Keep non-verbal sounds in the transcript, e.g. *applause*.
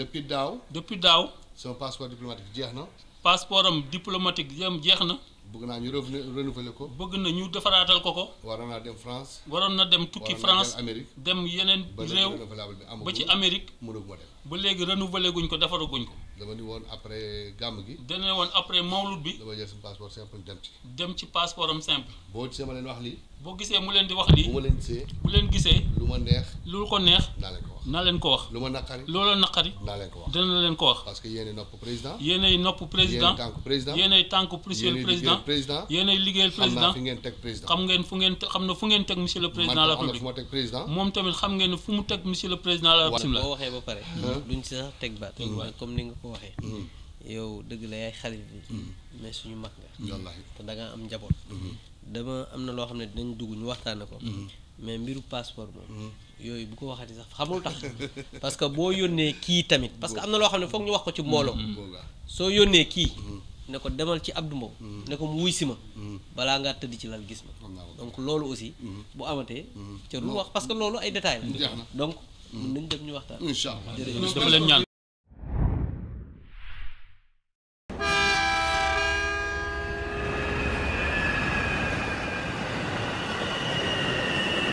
depuis daaw. depuis daaw. sama passeport diplomatique jeex na. passeport am diplomatique yam jeex na. bëgg naa ñu renouveler ko. bëgg na ñu defaraatal ko ko. waroon naa dem France. waroon na dem tukki France dem yeneen réew. ba ci Amérique. mënaguma dem ba léegi renouveler guñ ko defaraguñ ko. dama ni woon après gàmm gi. dana woon après mawlud bi. dama jël sama passeport simple dem ci. dem ci passeport simple. boo gisee ma leen wax lii. boo gisee mu leen di wax lii bu ma leen gisee bu leen gisee lu ma neex lu ko neex naa leen ko wax naa leen ko wax lu ma naqari naa leen ko wax dana que yéenay nopp président yéenay nopp président tànk président yéenay tànk monsieur le président président na fu ngeen teg monsieur le président la République fu ma teg président moom tamit xam ngeen la République hmm. la hmm. mais suñu mag nga te da nga am njaboot hmm. dama am na loo xam ne dinañ dugg ñu waxtaane ko mhm. mais mbiru passeport moom mhm. yooyu bu ko waxati sax xamul tax *laughs* parce que boo yónnee kii tamit parce que am na loo xam ne foog ñu wax ko ci mbooloo mhm. soo yónnee kii ne ko demal ci Abdou Mbow ne ko mu wuy si ma balaa ngaa tëdd ci lal gis ma donc loolu aussi bu amatee ca lu wax parce que loolu ay détails la donc mën nañ dem ñu waxtaan incha